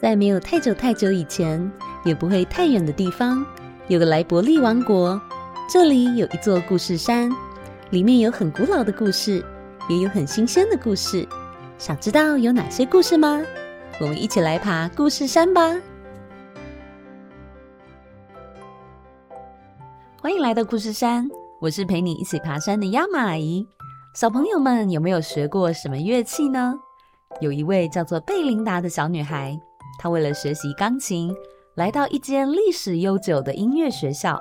在沒有太久太久以前，也不會太遠的地方，有個萊伯利王國。這裡有一座故事山，裡面有很古老的故事，也有很新鮮的故事。想知道有哪些故事嗎？我們一起來爬故事山吧！歡迎來到故事山，我是陪你一起爬山的 Yama 阿姨。小朋友們有沒有學過什麼樂器呢？有一位叫做貝琳達的小女孩。他為了學習鋼琴，來到一間歷史悠久的音樂學校。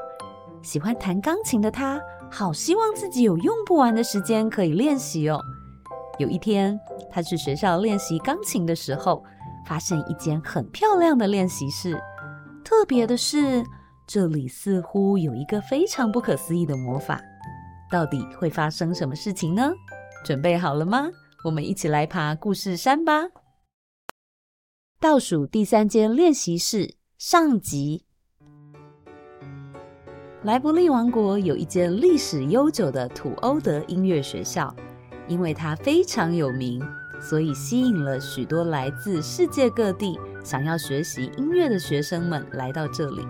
喜歡彈鋼琴的他，好希望自己有用不完的時間可以練習哦。有一天，他去學校練習鋼琴的時候，發現一間很漂亮的練習室。特別的是，這裡似乎有一個非常不可思議的魔法。到底會發生什麼事情呢？準備好了嗎？我們一起來爬故事山吧！倒數第三間練習室上集。萊伯利王國有一間歷史悠久的土歐德音樂學校，因為它非常有名，所以吸引了許多來自世界各地想要學習音樂的學生們來到這裡。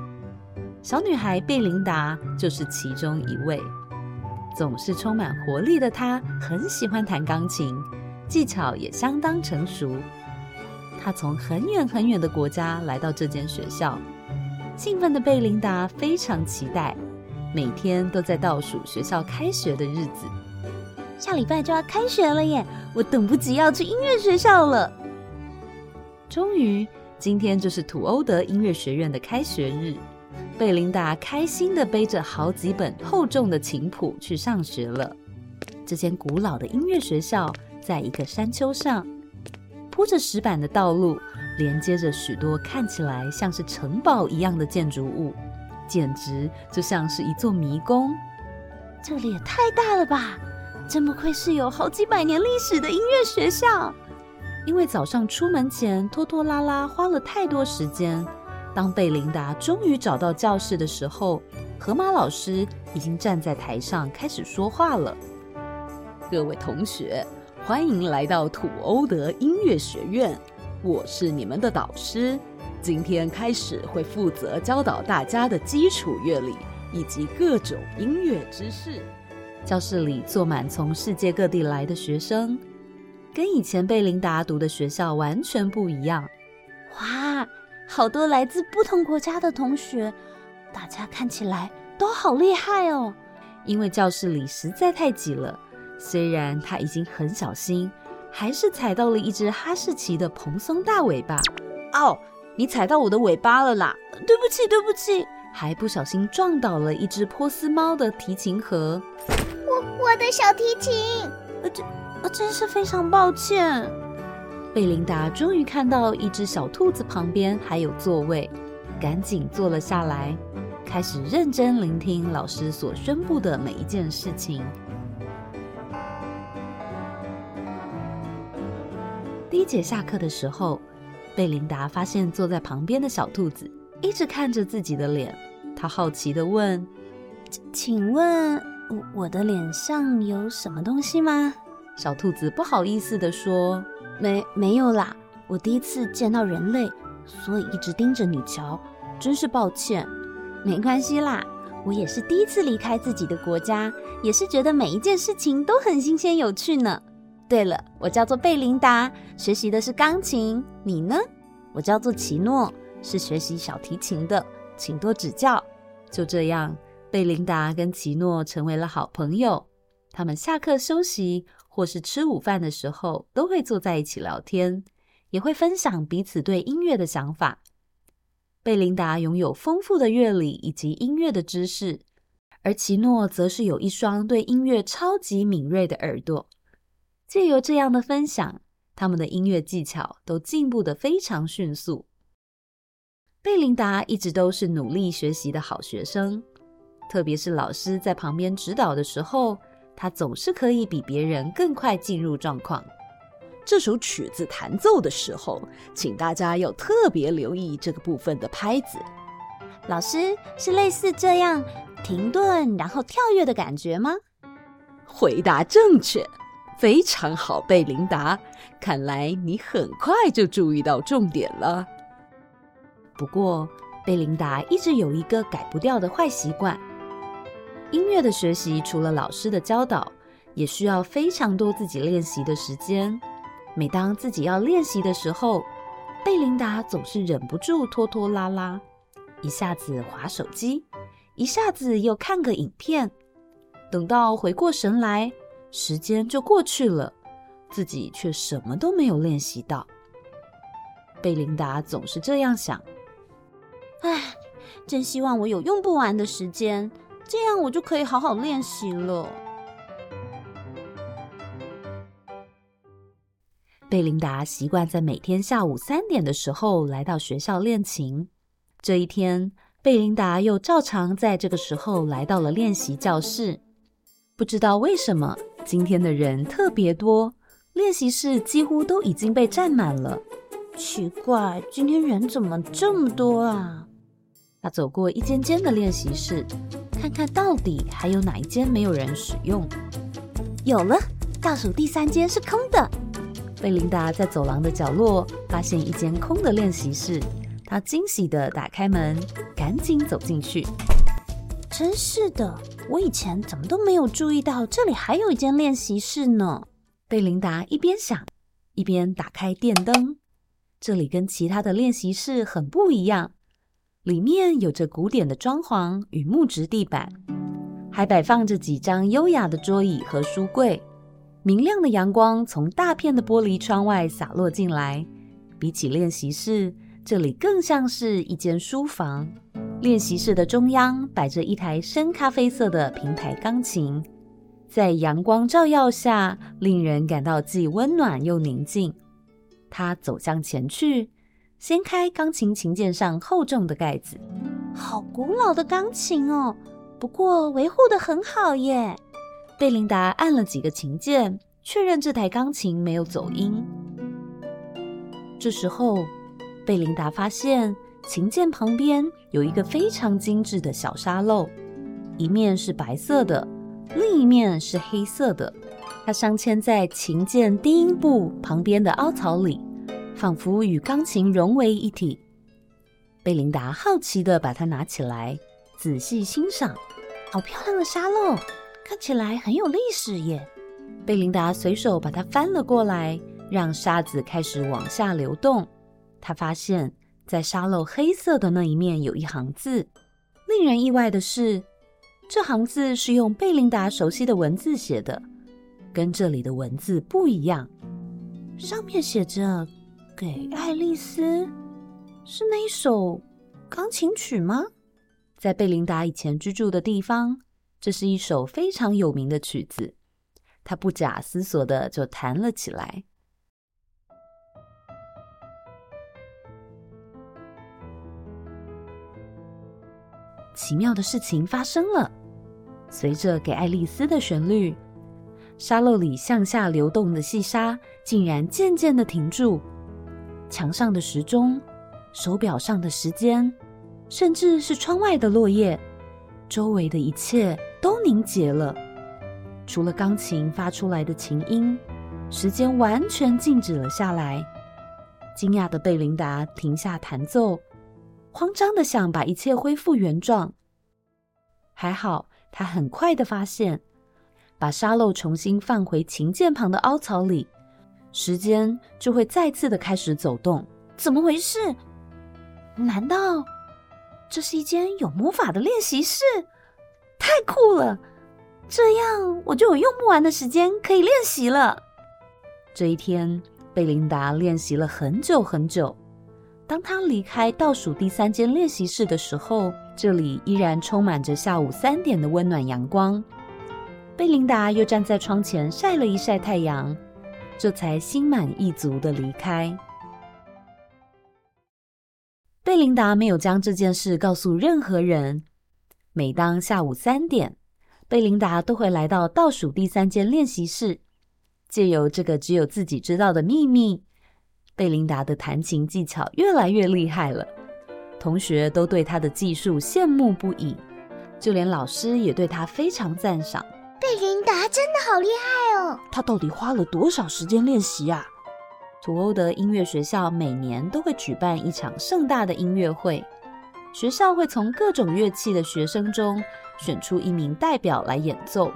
小女孩貝琳達就是其中一位。總是充滿活力的她，很喜歡彈鋼琴，技巧也相當成熟。她從很遠很遠的國家來到這間學校，興奮的貝琳達非常期待，每天都在倒數學校開學的日子。下禮拜就要開學了耶！我等不及要去音樂學校了。終於，今天就是土歐德音樂學院的開學日。貝琳達開心地背着好幾本厚重的琴譜去上學了。這間古老的音樂學校在一個山丘上。鋪着石板的道路連接着許多看起來像是城堡一樣的建築物，簡直就像是一座迷宮。這裡也太大了吧！真不愧是有好幾百年歷史的音樂學校。因為早上出門前拖拖拉拉花了太多時間，當貝琳達終於找到教室的時候，河馬老師已經站在台上開始說話了。各位同學。歡迎來到土歐德音樂學院，我是你們的導師，今天開始會負責教導大家的基礎樂理以及各種音樂知識。教室裡坐滿從世界各地來的學生，跟以前貝琳達讀的學校完全不一樣。哇，好多來自不同國家的同學，大家看起來都好厲害哦。因為教室裡實在太擠了。雖然他已經很小心，還是踩到了一隻哈士奇的蓬鬆大尾巴。哦，你踩到我的尾巴了啦！對不起，對不起，還不小心撞倒了一隻波斯貓的提琴盒。我、我的小提琴，啊、這我、啊、真是非常抱歉。貝琳達終於看到一隻小兔子旁邊還有座位，趕緊坐了下來，開始認真聆聽老師所宣布的每一件事情。第一節下課的時候，貝琳達發現坐在旁邊的小兔子一直看着自己的臉。她好奇的問：“請問，我我的臉上有什麼東西嗎？”小兔子不好意思的說：“沒，沒有啦。我第一次見到人類，所以一直盯着你瞧，真是抱歉。”“沒關係啦，我也是第一次離開自己的國家，也是覺得每一件事情都很新鮮有趣呢。”對了，我叫做貝琳達，學習的是鋼琴。你呢？我叫做奇諾，是學習小提琴的。請多指教。就這樣，貝琳達跟奇諾成為了好朋友。他們下課休息或是吃午飯的時候，都會坐在一起聊天，也會分享彼此對音樂的想法。貝琳達擁有豐富的樂理以及音樂的知識，而奇諾則是有一雙對音樂超級敏銳的耳朵。借由這樣的分享，他們的音樂技巧都進步得非常迅速。貝琳達一直都是努力學習的好學生，特別是老師在旁邊指導的時候，她總是可以比別人更快進入狀況。這首曲子彈奏的時候，請大家要特別留意這個部分的拍子。老師，是類似這樣停頓然後跳躍的感覺嗎？回答正確。非常好，貝琳達，看來你很快就注意到重點了。不過，貝琳達一直有一個改不掉的壞習慣。音樂的學習除了老師的教導，也需要非常多自己練習的時間。每當自己要練習的時候，貝琳達總是忍不住拖拖拉拉，一下子滑手機，一下子又看個影片，等到回過神來，時間就過去了，自己卻什麼都沒有練習到。貝琳達總是這樣想：“哎，真希望我有用不完的時間，這樣我就可以好好練習了。”貝琳達習慣在每天下午三點的時候來到學校練琴。這一天，貝琳達又照常在這個時候來到了練習教室。不知道為什麼，今天的人特別多，練習室幾乎都已經被占滿了。奇怪，今天人怎麼這麼多啊？他走過一間間的練習室，看看到底還有哪一間沒有人使用。有了，倒數第三間是空的。貝琳達在走廊的角落發現一間空的練習室，她驚喜地打開門，趕緊走進去。真是的，我以前怎麼都沒有注意到這裡還有一間練習室呢？貝琳達一邊想，一邊打開電燈。這裡跟其他的練習室很不一樣，裡面有着古典的裝潢與木質地板，還擺放着幾張優雅的桌椅和書櫃。明亮的陽光從大片的玻璃窗外灑落進來，比起練習室，這裡更像是一間書房。練習室的中央擺着一台深咖啡色的平台鋼琴，在陽光照耀下，令人感到既溫暖又寧靜。她走向前去，掀開鋼琴琴鍵上厚重的蓋子。好古老的鋼琴哦，不過維護得很好耶。貝琳達按了幾個琴鍵，確認這台鋼琴沒有走音。這時候，貝琳達發現。琴鍵旁邊有一個非常精致的小沙漏，一面是白色的，另一面是黑色的。它鑲嵌在琴鍵低音部旁邊的凹槽裡，仿佛與鋼琴融為一體。貝琳達好奇地把它拿起來，仔細欣賞。好漂亮的沙漏，看起來很有歷史耶！貝琳達隨手把它翻了過來，讓沙子開始往下流動。她發現。在沙漏黑色的那一面有一行字，令人意外的是，這行字是用貝琳達熟悉的文字寫的，跟這裡的文字不一樣。上面寫着“給愛麗絲”，是那一首鋼琴曲嗎？在貝琳達以前居住的地方，這是一首非常有名的曲子。她不假思索的就彈了起來。奇妙的事情發生了。隨着給愛麗絲的旋律，沙漏裡向下流動的細沙竟然漸漸地停住。牆上的時鐘、手表上的時間，甚至是窗外的落葉，周圍的一切都凝結了。除了鋼琴發出來的琴音，時間完全靜止了下來。驚訝的貝琳達停下彈奏，慌張地想把一切恢復原狀。還好，他很快的發現，把沙漏重新放回琴鍵旁的凹槽裡，時間就會再次的開始走動。怎麼回事？難道這是一間有魔法的練習室？太酷了！這樣我就有用不完的時間可以練習了。這一天，貝琳達練習了很久很久。當她離開倒數第三間練習室的時候，這裡依然充滿着下午三點的溫暖陽光。貝琳達又站在窗前曬了一曬太陽，這才心滿意足地離開。貝琳達沒有將這件事告訴任何人。每當下午三點，貝琳達都會來到倒數第三間練習室，借由這個只有自己知道的秘密。貝琳達的彈琴技巧越來越厲害了，同學都對她的技術羨慕不已，就連老師也對她非常讚賞。貝琳達真的好厲害哦！她到底花了多少時間練習啊？圖歐德音樂學校每年都會舉辦一場盛大的音樂會，學校會從各種樂器的學生中選出一名代表來演奏，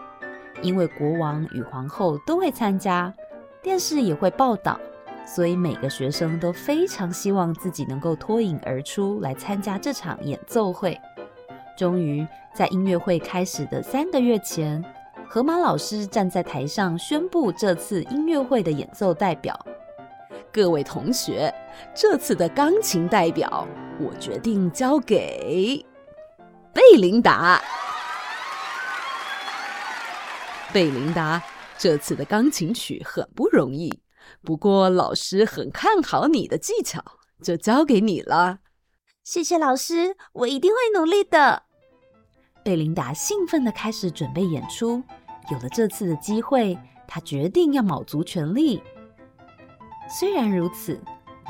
因為國王與皇後都會參加，電視也會報道。所以每個學生都非常希望自己能夠脫穎而出，來參加這場演奏會。終於，在音樂會開始的三個月前，河馬老師站在台上宣布這次音樂會的演奏代表。各位同學，這次的鋼琴代表我決定交給貝琳達。 貝琳達，這次的鋼琴曲很不容易。不過，老師很看好你的技巧，就交給你了。謝謝老師，我一定會努力的。貝琳達興奮地開始準備演出。有了這次的機會，她決定要卯足全力。雖然如此，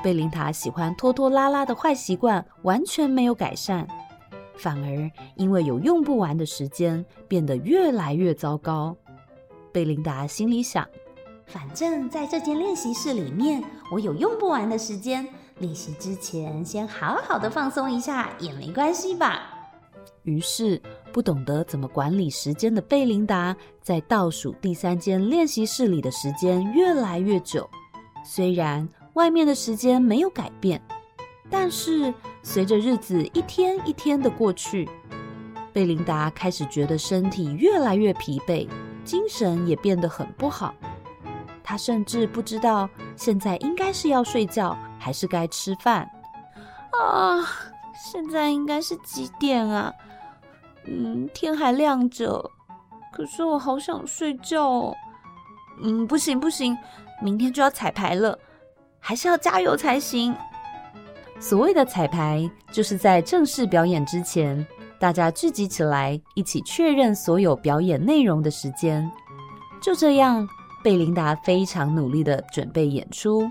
貝琳達喜歡拖拖拉拉的壞習慣完全沒有改善，反而因為有用不完的時間，變得越來越糟糕。貝琳達心裡想。反正在這間練習室裡面，我有用不完的時間。練習之前先好好的放鬆一下也沒關係吧。於是，不懂得怎麼管理時間的貝琳達，在倒數第三間練習室裡的時間越來越久。雖然外面的時間沒有改變，但是隨着日子一天一天的過去，貝琳達開始覺得身體越來越疲憊，精神也變得很不好。他甚至不知道現在應該是要睡覺還是該吃飯，啊，現在應該是幾點啊？嗯，天還亮着，可是我好想睡覺哦。嗯，不行不行，明天就要彩排了，還是要加油才行。所謂的彩排，就是在正式表演之前，大家聚集起來一起確認所有表演內容的時間。就這樣。貝琳達非常努力的準備演出，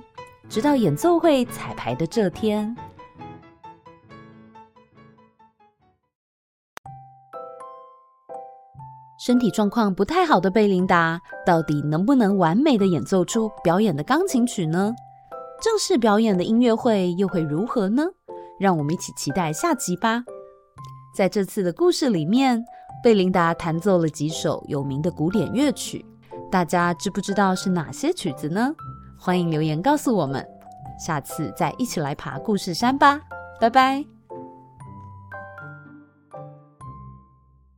直到演奏會彩排的這天。身體狀況不太好的貝琳達，到底能不能完美的演奏出表演的鋼琴曲呢？正式表演的音樂會又會如何呢？讓我們一起期待下集吧！在這次的故事裡面，貝琳達彈奏了幾首有名的古典樂曲，大家知不知道是哪些曲子呢？歡迎留言告訴我們，下次再一起來爬故事山吧。拜拜。